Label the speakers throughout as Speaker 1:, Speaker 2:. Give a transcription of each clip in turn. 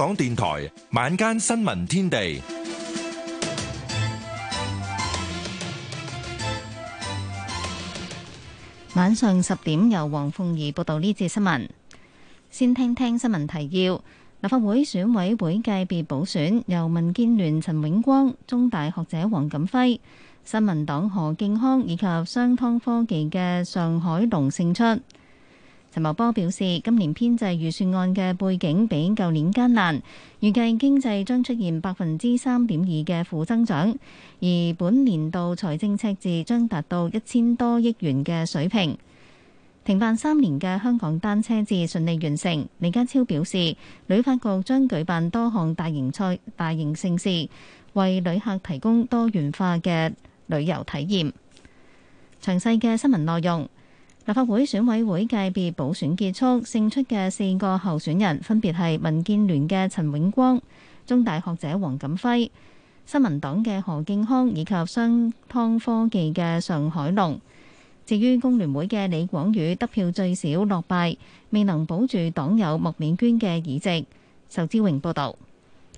Speaker 1: 港電台晚間新聞天地，
Speaker 2: 晚上十點由黃鳳儀報道呢節新聞。先聽聽新聞提要：立法會選委會界別補選，由民建聯陳永光、中大學者黃錦輝、新民黨何敬康以及商湯科技嘅尚海龍勝出。陳茂波表示，今年編製預算案嘅背景比舊年艱難，預計經濟將出現百分之三點二嘅負增長，而本年度財政赤字將達到一千多億元嘅水平。停辦三年嘅香港單車節順利完成，李家超表示，旅發局將舉辦多項大型賽、大型盛事，為旅客提供多元化嘅旅遊體驗。詳細嘅新聞內容。立法會選委會界別補選結束，勝出嘅四個候選人分別係民建聯嘅陳永光、中大學者黃錦輝、新民黨嘅何敬康以及商湯科技嘅尚海龍。至於工聯會嘅李廣宇得票最少落敗，未能保住黨友麥美娟嘅議席。仇志榮報導。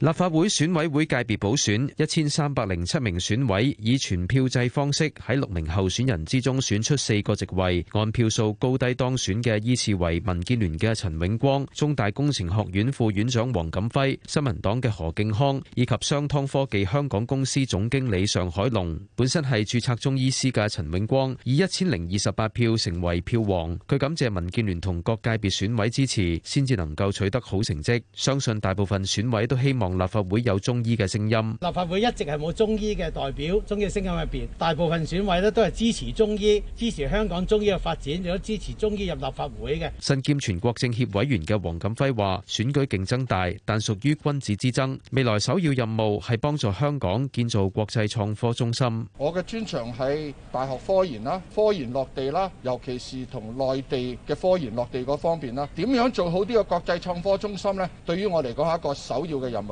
Speaker 3: 立法會選委會界別補選，一千三百零七名選委以全票制方式喺六名候選人之中選出四個席位，按票數高低當選嘅依次為民建聯嘅陳永光、中大工程學院副院長黃錦輝、新民黨嘅何敬康以及商湯科技香港公司總經理尚海龍。本身係註冊中醫師嘅陳永光以一千零二十八票成為票王，佢感謝民建聯同各界別選委支持，先至能夠取得好成績。相信大部分選委都希望立法同會有中醫嘅聲音，立法會一直係冇中醫嘅代表，中醫嘅聲音入邊，大部分選委呢都係支持中醫，支持香港中醫嘅發展，亦都支持中醫入立法會嘅。身兼全國政協委員嘅黃錦輝話，選舉競爭大，但屬於君子之爭。未來首要任務係幫助香港建造國際創科中心。
Speaker 1: 我嘅專長係大學科研啦，科研落地啦，尤其是同內地嘅科研落地嗰方面啦，點樣做好呢個國際創科中心呢？對於我嚟講係一個首要嘅任務。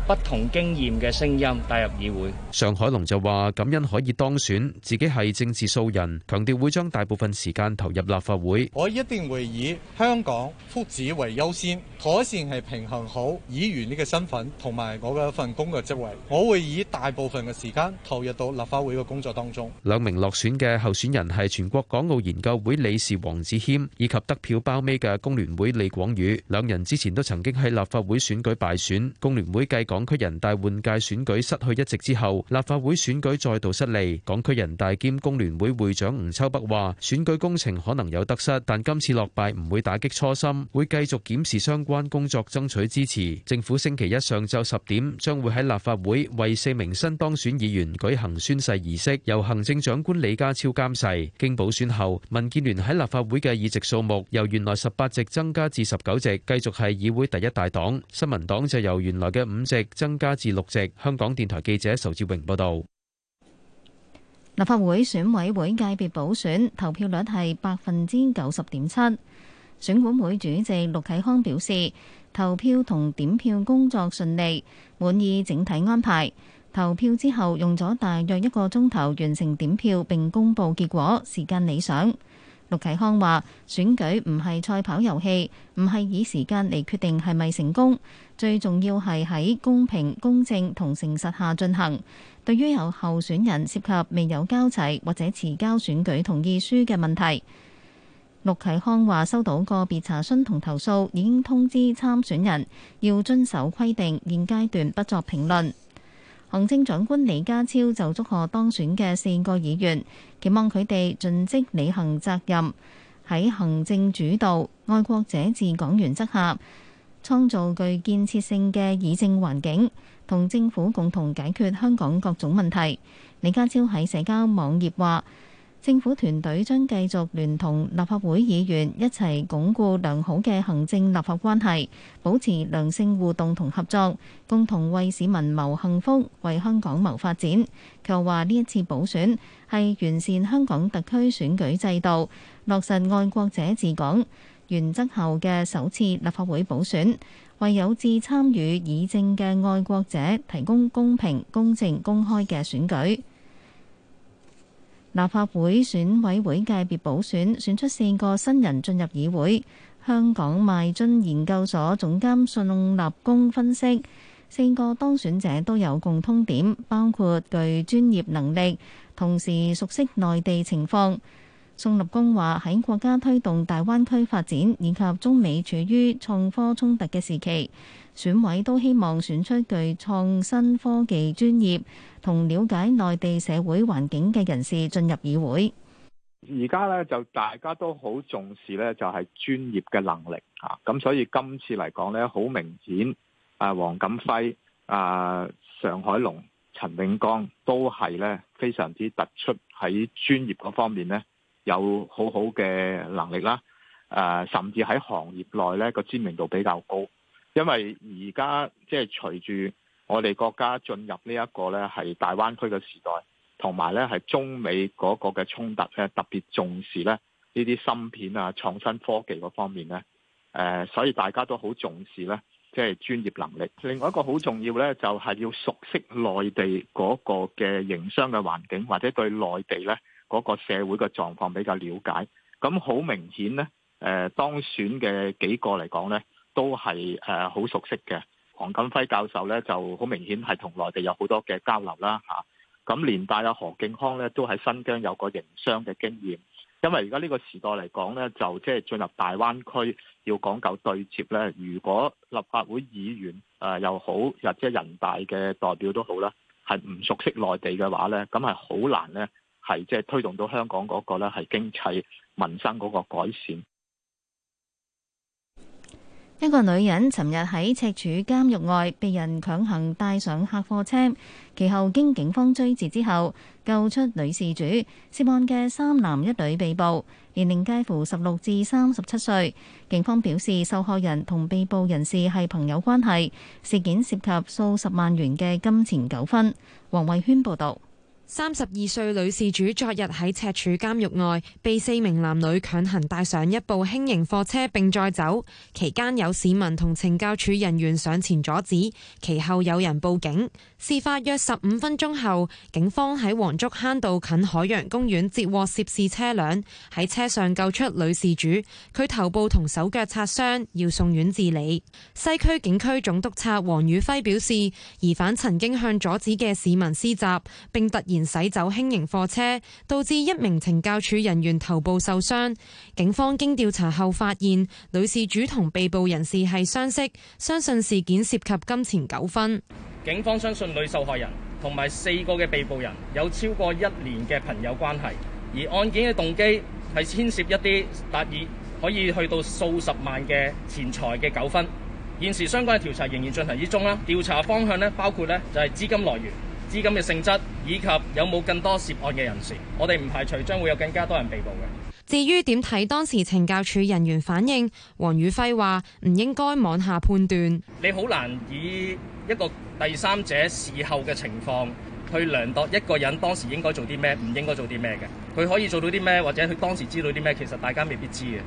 Speaker 4: 不同經驗嘅聲音帶入議會。
Speaker 3: 尚海龍就話：感恩可以當選，自己係政治素人，強調會將大部分時間投入立法會。
Speaker 1: 我一定會以香港福祉為優先，妥善係平衡好議員呢個身份同埋我嘅一份工嘅職位。我會以大部分嘅時間投入到立法會嘅工作當中。
Speaker 3: 兩名落選嘅候選人係全國港澳研究會理事黃梓謙，以及得票包尾嘅工聯會李廣宇。兩人之前都曾經喺立法會選舉敗選，工聯會計劃。港區人大換屆選舉失去一席之後，立法會選舉再度失利。港區人大兼工聯會會長吳秋北話，選舉工程可能有得失，但今次落敗唔會打擊初心，會繼續檢視相關工作，爭取支持。政府星期一上晝十點將會喺立法會為四名新當選議員舉行宣誓儀式，由行政長官李家超監誓。經補選後，民建聯喺立法會嘅議席數目由原來十八席增加至十九席，繼續係議會第一大黨。新民黨就由原來嘅五席。增加至六席。香港電台記者仇志榮報道，
Speaker 2: 立法會選委會界別補選投票率係百分之九十點七。選管會主席陸啟康表示，投票同點票工作順利，滿意整體安排。投票之後用咗大約一個鐘頭完成點票，並公布結果，時間理想。陸啟康話：選舉唔係賽跑遊戲，唔係以時間嚟決定係咪成功。最重要係喺公平、公正同誠實下進行。對於有候選人涉及未有交齊或者遲交選舉同意書嘅問題，陸啟康話收到個別查詢同投訴，已經通知參選人要遵守規定，現階段不作評論。行政長官李家超就祝賀當選嘅四個議員，期望佢哋盡職履行責任，喺行政主導、愛國者治港原則下。創造具建設性嘅議政環境，同政府共同解決香港各種問題。李家超喺社交網頁話：政府團隊將繼續聯同立法會議員一齊鞏固良好嘅行政立法關係，保持良性互動同合作，共同為市民謀幸福，為香港謀發展。佢又話：呢一次補選係完善香港特區選舉制度，落實愛國者治港。原則後嘅首次立法會補選，為有志參與議政嘅愛國者提供公平、公正、公開嘅選舉。立法會選委會界別補選選出四個新人進入議會。香港邁進研究所總監信立功分析，四個當選者都有共通點，包括具專業能力，同時熟悉內地情況。宋立功話喺國家推動大灣區發展以及中美處於創科衝突嘅時期，選委都希望選出具創新科技專業同了解內地社會環境嘅人士進入議會。
Speaker 1: 而家咧就大家都好重視咧，就係專業嘅能力啊，咁所以今次嚟講咧，好明顯啊，黃錦輝啊，上海龍、陳永剛都係咧非常之突出喺專業嗰方面咧。有好好嘅能力啦，誒、呃，甚至喺行業內呢個知名度比較高，因為而家即係隨住我哋國家進入呢一個咧係大灣區嘅時代，同埋咧係中美嗰個嘅衝突咧特別重視咧呢啲芯片啊創新科技嗰方面咧，誒、呃、所以大家都好重視咧，即係專業能力。另外一個好重要咧，就係、是、要熟悉內地嗰個嘅營商嘅環境，或者對內地咧。嗰個社會嘅狀況比較了解，咁好明顯呢，誒當選嘅幾個嚟講呢，都係誒好熟悉嘅。黃錦輝教授呢，就好明顯係同內地有好多嘅交流啦嚇。咁連帶阿何敬康呢，都喺新疆有個營商嘅經驗，因為而家呢個時代嚟講呢，就即係進入大灣區要講究對接呢。如果立法會議員誒又，呃，好，或者人大嘅代表都好啦，係唔熟悉內地嘅話呢，咁係好難呢。係即係推動到香港嗰個呢，係經濟民生嗰個改善。
Speaker 2: 一個女人尋日喺赤柱監獄外被人強行帶上客貨車，其後經警方追截之後救出女事主。涉案嘅三男一女被捕，年齡介乎十六至三十七歲。警方表示受害人同被捕人士係朋友關係，事件涉及數十萬元嘅金錢糾紛。黃慧萱報導。
Speaker 5: 三十二歲女事主
Speaker 2: 昨日喺赤
Speaker 5: 柱監獄外，被四名男女強行帶上一部輕型貨車並載走，期間有市民同懲教署人員上前阻止，其後有人報警。事發約十五分鐘後，警方喺黃竹坑道近海洋公園截獲涉事車輛，喺車上救出女事主，佢頭部同手腳擦傷，要送院治理。西區警區總督察黃宇輝表示，疑犯曾經向阻止嘅市民施襲，並突然。駛走輕型貨車，導致一名懲教處人員頭部受傷。警方經調查後發現，女事主同被捕人士係相識，相信事件涉及金錢糾紛。
Speaker 4: 警方相信女受害人同埋四個嘅被捕人有超過一年嘅朋友關係，而案件嘅動機係牽涉一啲達爾可以去到數十萬嘅錢財嘅糾紛。現時相關嘅調查仍然進行之中啦，調查方向咧包括咧就係資金來源。資金嘅性質，以及有冇更多涉案嘅人士，我哋唔排除將會有更加多人被捕嘅。
Speaker 5: 至於點睇當時懲教署人員反應，黃宇輝話唔應該妄下判斷。
Speaker 4: 你好難以一個第三者事後嘅情況去量度一個人當時應該做啲咩，唔應該做啲咩嘅。佢可以做到啲咩，或者佢當時知道啲咩，其實大家未必知嘅。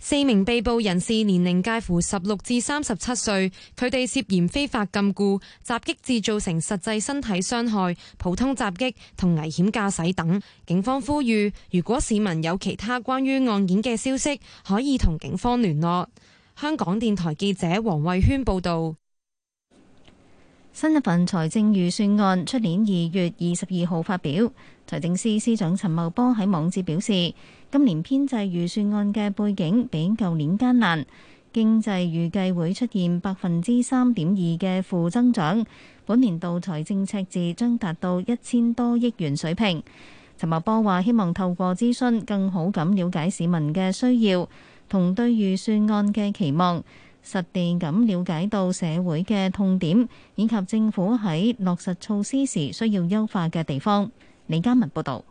Speaker 5: 四名被捕人士年齡介乎十六至三十七歲，佢哋涉嫌非法禁錮、襲擊、致造成實際身體傷害、普通襲擊同危險駕駛等。警方呼籲，如果市民有其他關於案件嘅消息，可以同警方聯絡。香
Speaker 2: 港電台記者黃慧軒報道。新一份財政預算案出年二月二十二號發表，財政司司長陳茂波喺網誌表示，今年編製預算案嘅背景比舊年艱難，經濟預計會出現百分之三點二嘅負增長。本年度財政赤字將達到一千多億元水平。陳茂波話：希望透過諮詢，更好咁了解市民嘅需要同對預算案嘅期望，實地咁了解到社會嘅痛點以及政府喺落實措施時需要優化嘅地方。李嘉文報導。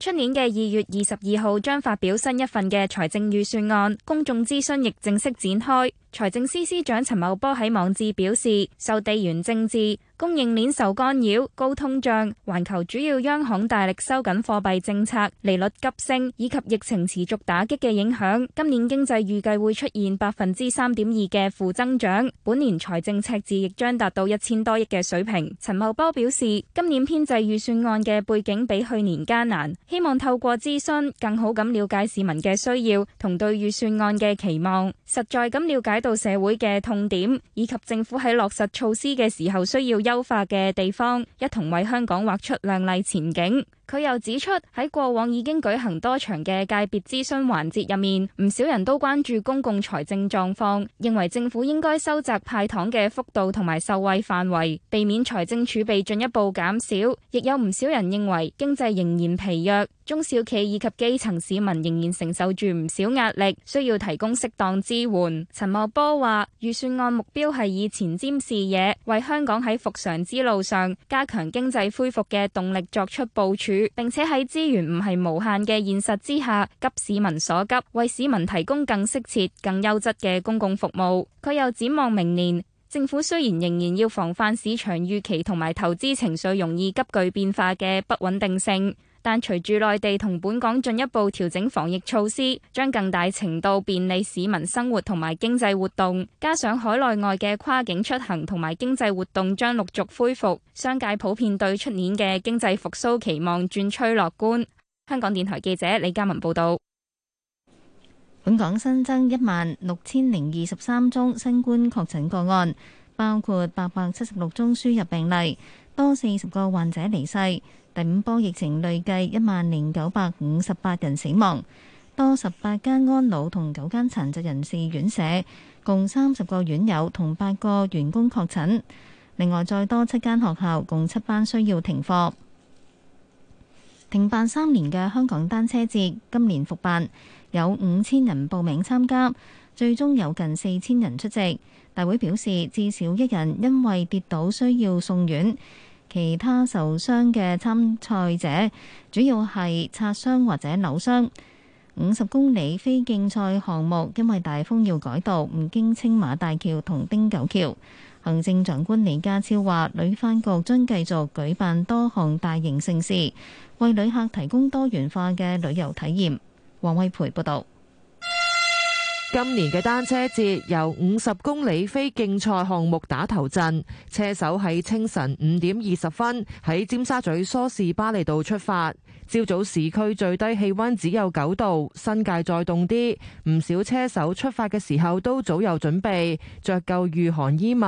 Speaker 6: 出年嘅二月二十二號將發表新一份嘅財政預算案，公眾諮詢亦正式展開。財政司司長陳茂波喺網誌表示，受地緣政治、供應鏈受干擾、高通脹、環球主要央行大力收緊貨幣政策、利率急升以及疫情持續打擊嘅影響，今年經濟預計會出現百分之三點二嘅負增長。本年財政赤字亦將達到一千多億嘅水平。陳茂波表示，今年編制預算案嘅背景比去年艱難，希望透過諮詢，更好咁了解市民嘅需要同對預算案嘅期望。實在咁了解到社會嘅痛點，以及政府喺落實措施嘅時候需要優化嘅地方，一同為香港畫出靚麗前景。佢又指出，喺過往已經舉行多場嘅界別諮詢環節入面，唔少人都關注公共財政狀況，認為政府應該收窄派糖嘅幅度同埋受惠範圍，避免財政儲備進一步減少。亦有唔少人認為經濟仍然疲弱，中小企以及基層市民仍然承受住唔少壓力，需要提供適當支援。陳茂波話：預算案目標係以前瞻視野，為香港喺復常之路上加強經濟恢復嘅動力作出部署。並且喺資源唔係無限嘅現實之下，急市民所急，為市民提供更適切、更優質嘅公共服務。佢又展望明年，政府雖然仍然要防範市場預期同埋投資情緒容易急劇變化嘅不穩定性。但隨住內地同本港進一步調整防疫措施，將更大程度便利市民生活同埋經濟活動。加上海內外嘅跨境出行同埋經濟活動將陸續恢復，商界普遍對出年嘅經濟復甦期望轉趨樂觀。香港電台記者李嘉文報道，
Speaker 2: 本港新增一萬六千零二十三宗新冠確診個案，包括八百七十六宗輸入病例，多四十個患者離世。第五波疫情累計一萬零九百五十八人死亡，多十八間安老同九間殘疾人士院舍，共三十個院友同八個員工確診。另外，再多七間學校，共七班需要停課。停辦三年嘅香港單車節今年復辦，有五千人報名參加，最終有近四千人出席。大會表示，至少一人因為跌倒需要送院。其他受傷嘅參賽者主要係擦傷或者扭傷。五十公里非競賽項目因為大風要改道，唔經青馬大橋同汀九橋。行政長官李家超話：旅發局將繼續舉辦多項大型盛事，為旅客提供多元化嘅旅遊體驗。黃惠培報導。今年嘅單車節
Speaker 7: 由五十公里非競賽項目打頭陣，車手喺清晨五點二十分喺尖沙咀梳士巴利道出發。朝早市區最低氣溫只有九度，新界再凍啲。唔少車手出發嘅時候都早有準備，着夠御寒衣物。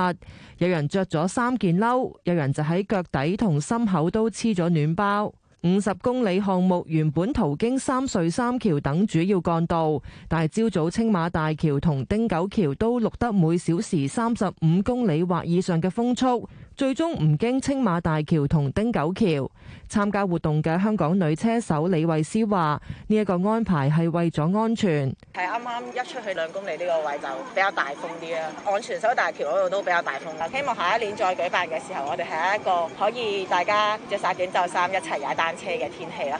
Speaker 7: 有人着咗三件褸，有人就喺腳底同心口都黐咗暖包。五十公里項目原本途經三隧三橋等主要幹道，但係朝早青馬大橋同汀九橋都錄得每小時三十五公里或以上嘅風速。最終唔經青馬大橋同汀九橋參加活動嘅香港女車手李慧詩話：呢一個安排係為咗安全。係啱啱一出去兩公里呢個位就比較大風啲啦，昂船洲大橋嗰度都比較大風啦。希望下一年再舉辦嘅時候，我哋係一個可以大家着晒短袖衫一齊踩單車嘅天氣啦。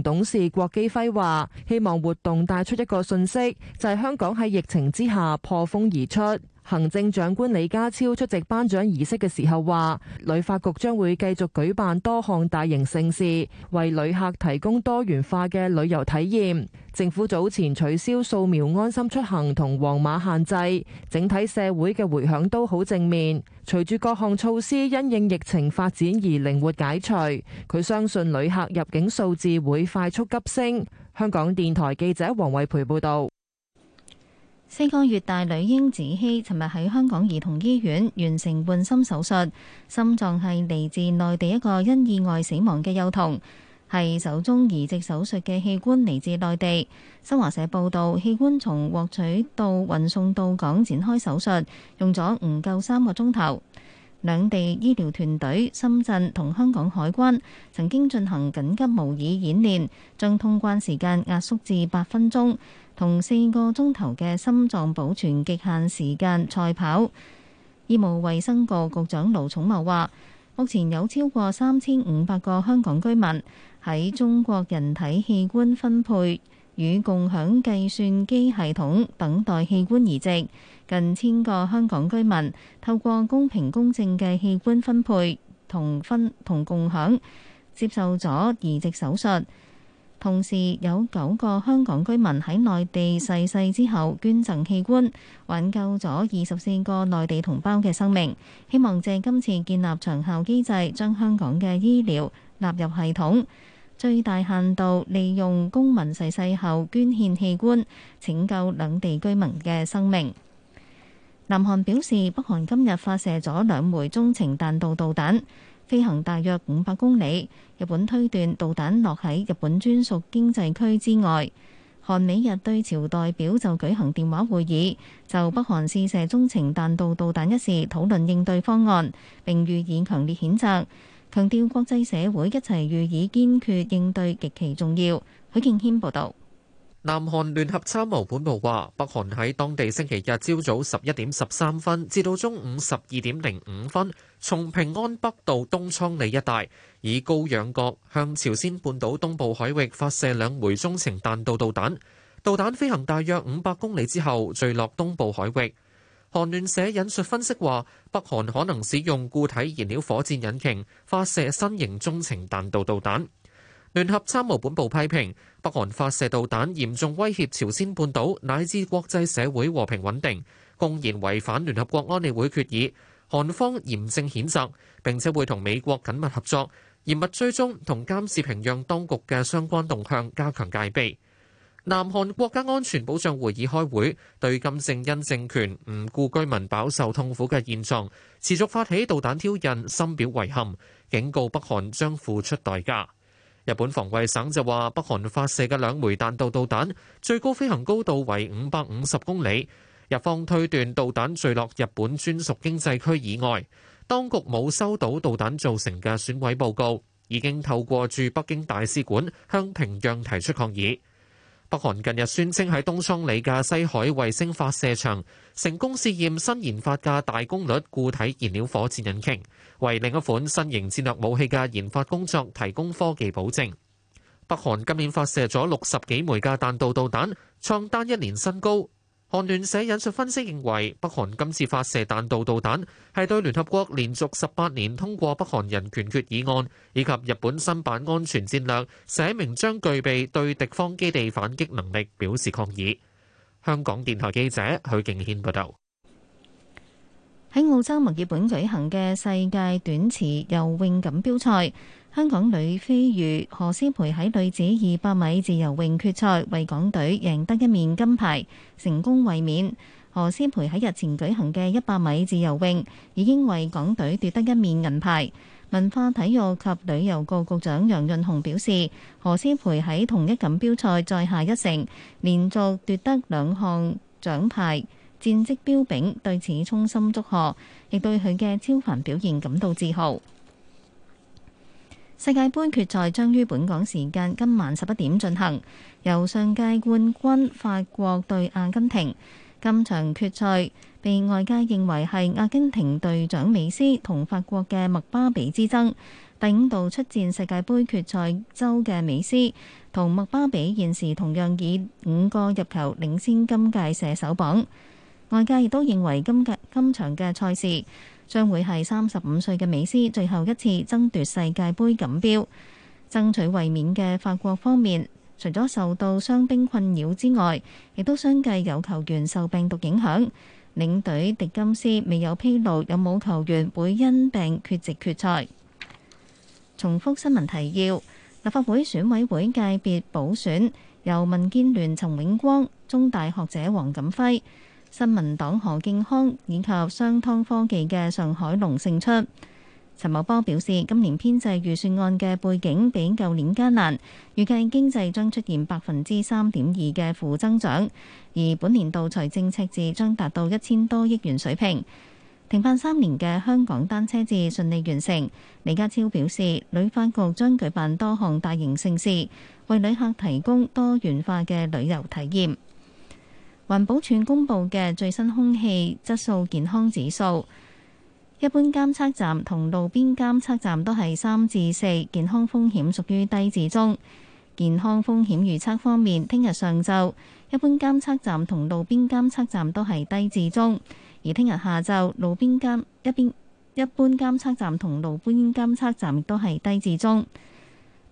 Speaker 7: 董事郭基輝話，希望活動帶出一個信息，就係香港喺疫情之下破風而出。行政長官李家超出席頒獎儀式嘅時候話，旅發局將會繼續舉辦多項大型盛事，為旅客提供多元化嘅旅遊體驗。政府早前取消掃描安心出行同黃碼限制，整體社會嘅回響都好正面。隨住各項措施因應疫情發展而靈活解除，佢相信旅客入境數字會快速急升。香港電台記者黃慧培報道。
Speaker 2: 四個月大女嬰子希，尋日喺香港兒童醫院完成換心手術，心臟係嚟自內地一個因意外死亡嘅幼童，係首宗移植手術嘅器官嚟自內地。新華社報導，器官從獲取到運送到港展開手術，用咗唔夠三個鐘頭。兩地醫療團隊、深圳同香港海關曾經進行緊急模擬演練，將通關時間壓縮至八分鐘。同四個鐘頭嘅心臟保存極限時間賽跑。醫務衛生局局長盧寵茂話，目前有超過三千五百個香港居民喺中國人體器官分配與共享計算機系統等待器官移植。近千個香港居民透過公平公正嘅器官分配同分同共享，接受咗移植手術。同時有九個香港居民喺內地逝世之後捐贈器官，挽救咗二十四個內地同胞嘅生命。希望借今次建立長效機制，將香港嘅醫療納入系統，最大限度利用公民逝世後捐獻器官，拯救兩地居民嘅生命。南韓表示，北韓今日發射咗兩枚中程彈道導彈。飛行大約五百公里，日本推斷導彈落喺日本專屬經濟區之外。韓美日對朝代表就舉行電話會議，就北韓試射中程彈道導彈一事討論應對方案，並予以強烈譴責，強調國際社會一齊予以堅決應對極其重要。許敬軒報道。
Speaker 4: 南韓聯合參謀本部話，北韓喺當地星期日朝早十一點十三分至到中午十二點零五分，從平安北道東倉里一帶以高仰角向朝鮮半島東部海域發射兩枚中程彈道導彈，導彈飛行大約五百公里之後墜落東部海域。韓聯社引述分析話，北韓可能使用固體燃料火箭引擎發射新型中程彈道導彈。聯合參謀本部批評北韓發射導彈，嚴重威脅朝鮮半島乃至國際社會和平穩定，公然違反聯合國安理會決議。韓方嚴正譴責，並且會同美國緊密合作，嚴密追蹤同監視平壤當局嘅相關動向，加強戒備。南韓國家安全保障會議開會，對金正恩政權唔顧居民飽受痛苦嘅現狀，持續發起導彈挑釁，深表遺憾，警告北韓將付出代價。日本防衛省就話，北韓發射嘅兩枚彈道導彈最高飛行高度為五百五十公里，日方推斷導彈墜落日本專屬經濟區以外，當局冇收到導彈造成嘅損毀報告，已經透過駐北京大使館向平壤提出抗議。北韓近日宣稱喺東倉里嘅西海衛星發射場成功試驗新研發嘅大功率固體燃料火箭引擎，為另一款新型戰略武器嘅研發工作提供科技保證。北韓今年發射咗六十幾枚嘅彈道導彈，創單一年新高。韓聯社引述分析認為，北韓今次發射彈道導彈，係對聯合國連續十八年通過北韓人權決議案，以及日本新版安全戰略寫明將具備對敵方基地反擊能力表示抗議。香港電台記者許敬軒報導。
Speaker 2: 喺澳洲墨爾本舉行嘅世界短池游泳錦標賽。香港女飛魚何詩蓓喺女子二百米自由泳決賽為港隊贏得一面金牌，成功衛冕。何詩蓓喺日前舉行嘅一百米自由泳已經為港隊奪得一面銀牌。文化體育及旅遊局局長楊潤雄表示，何詩蓓喺同一錦標賽再下一城，連續奪得兩項獎牌，戰績彪炳，對此衷心祝賀，亦對佢嘅超凡表現感到自豪。世界盃決賽將於本港時間今晚十一點進行，由上屆冠軍法國對阿根廷。今場決賽被外界認為係阿根廷隊長美斯同法國嘅麥巴比之爭。第五度出戰世界盃決賽周嘅美斯同麥巴比，現時同樣以五個入球領先今屆射手榜。外界亦都認為今屆今場嘅賽事，將會係三十五歲嘅美斯最後一次爭奪世界盃錦標，爭取衛冕嘅法國方面，除咗受到傷兵困擾之外，亦都相繼有球員受病毒影響。領隊迪金斯未有披露有冇球員會因病缺席決賽。重複新聞提要：立法會選委會界別補選，由民建聯陳永光、中大學者黃錦輝。新民黨何敬康以及商湯科技嘅尚海龍勝出。陳茂波表示，今年編製預算案嘅背景比舊年艱難，預計經濟將出現百分之三點二嘅負增長，而本年度財政赤字將達到一千多億元水平。停辦三年嘅香港單車節順利完成。李家超表示，旅發局將舉辦多項大型盛事，為旅客提供多元化嘅旅遊體驗。環保署公布嘅最新空氣質素健康指數，一般監測站同路邊監測站都係三至四，健康風險屬於低至中。健康風險預測方面，聽日上晝，一般監測站同路邊監測站都係低至中，而聽日下晝，路邊監、一邊一般監測站同路邊監測站都係低至中。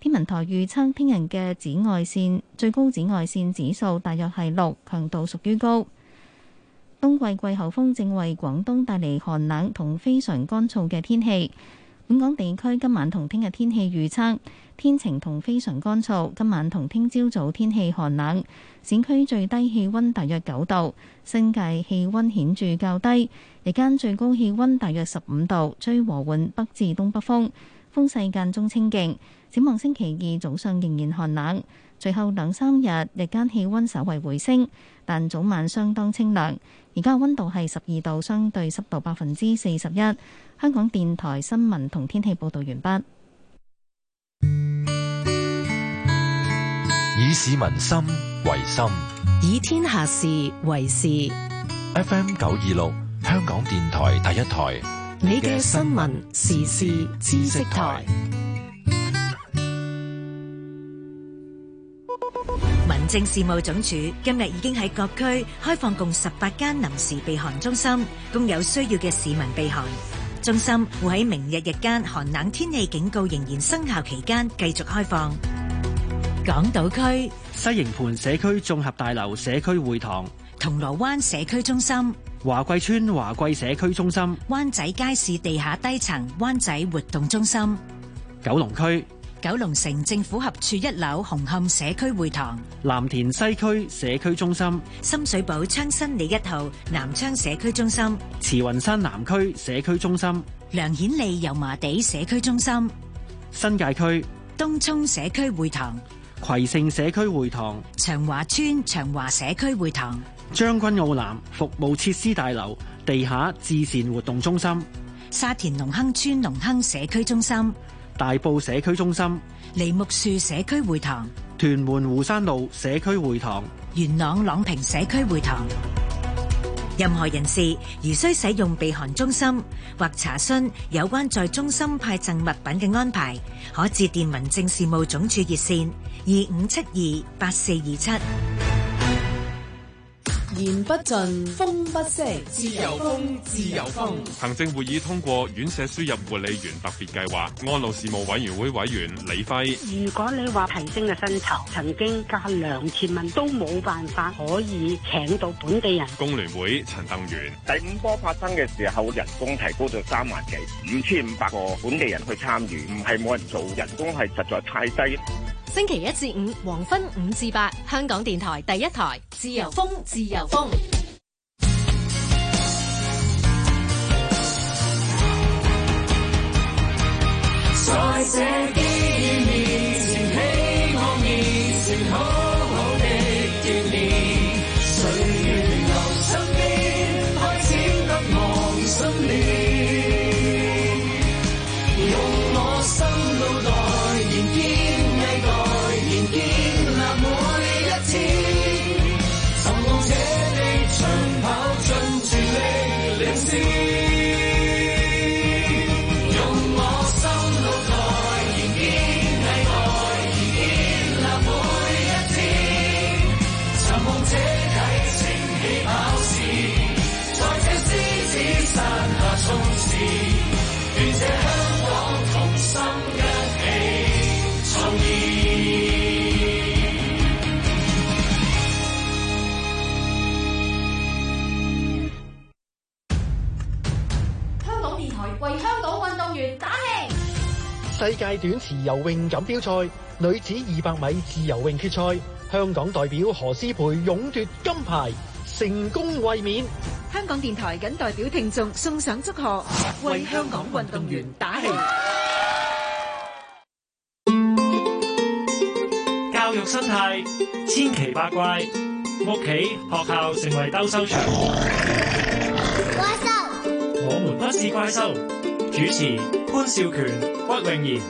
Speaker 2: 天文台預測，聽日嘅紫外線最高紫外線指數大約係六，強度屬於高。冬季季候風正為廣東帶嚟寒冷同非常乾燥嘅天氣。本港地區今晚同聽日天氣預測，天晴同非常乾燥。今晚同聽朝早早天氣寒冷，市區最低氣温大約九度，新界氣温顯著較低，日間最高氣温大約十五度，吹和緩北至東北風，風勢間中清勁。展望星期二早上仍然寒冷，隨後兩三日日間氣溫稍為回升，但早晚相當清涼。而家溫度係十二度，相對濕度百分之四十一。香港電台新聞同天氣報道完畢。
Speaker 1: 以市民心為心，
Speaker 5: 以天下事為事。
Speaker 1: F.M. 九二六，香港電台第一台，
Speaker 5: 你嘅新聞時事知識台。
Speaker 8: 政事務總署今日已經喺各區開放共十八間臨時避寒中心，供有需要嘅市民避寒。中心會喺明日日間寒冷天氣警告仍然生效期間繼續開放。港島區，西營盤社區綜合大樓社區會堂、銅鑼灣社區中心、華貴村華貴社區中心、灣仔街市地下低層灣仔活動中心、九龍區。九龍城政府合署一樓紅磡社區會堂、藍田西區社區中心、深水埗昌新里一號南昌社區中心、慈雲山南區社區中心、梁顯利油麻地社區中心、新界區東涌社區會堂、葵盛社區會堂、長華村長華社區會堂、將軍澳南服務設施大樓地下至善活動中心、沙田隆亨村隆亨社區中心。大埔社區中心、梨木樹社區會堂、屯門湖山路社區會堂、元朗朗屏社區會堂，任何人士如需使用避寒中心或查詢有關在中心派贈物品嘅安排，可致電民政事務總署熱線二五七二八四二七。
Speaker 5: 言不盡，風不息，
Speaker 7: 自由風，自由風。
Speaker 1: 行政會議通過院舍輸入護理員特別計劃。安老事務委員會委員李輝，
Speaker 7: 如果你話提升嘅薪酬，曾經加兩千蚊，都冇辦法可以請到本地人。
Speaker 1: 工聯會陳鄧元，第五波發生嘅時候，人工提高咗三萬幾，五千五百個本地人去參與，唔係冇人做，人工係實在太低。
Speaker 8: 星期一至五，黃昏五至八，香港電台第一台，自由風，自由風。 太短池游泳錦標賽女子二百米自由泳決賽，香港代表何詩蓓勇奪金牌，成功衛冕。
Speaker 6: 香港電台謹代
Speaker 8: 表聽眾送上祝賀，為香港運動員打氣。
Speaker 7: 教育生態千奇百怪，屋企學校成為鬥獸場。
Speaker 6: 怪
Speaker 1: 獸，
Speaker 7: 我們不是怪獸。主持潘少權、屈穎妍。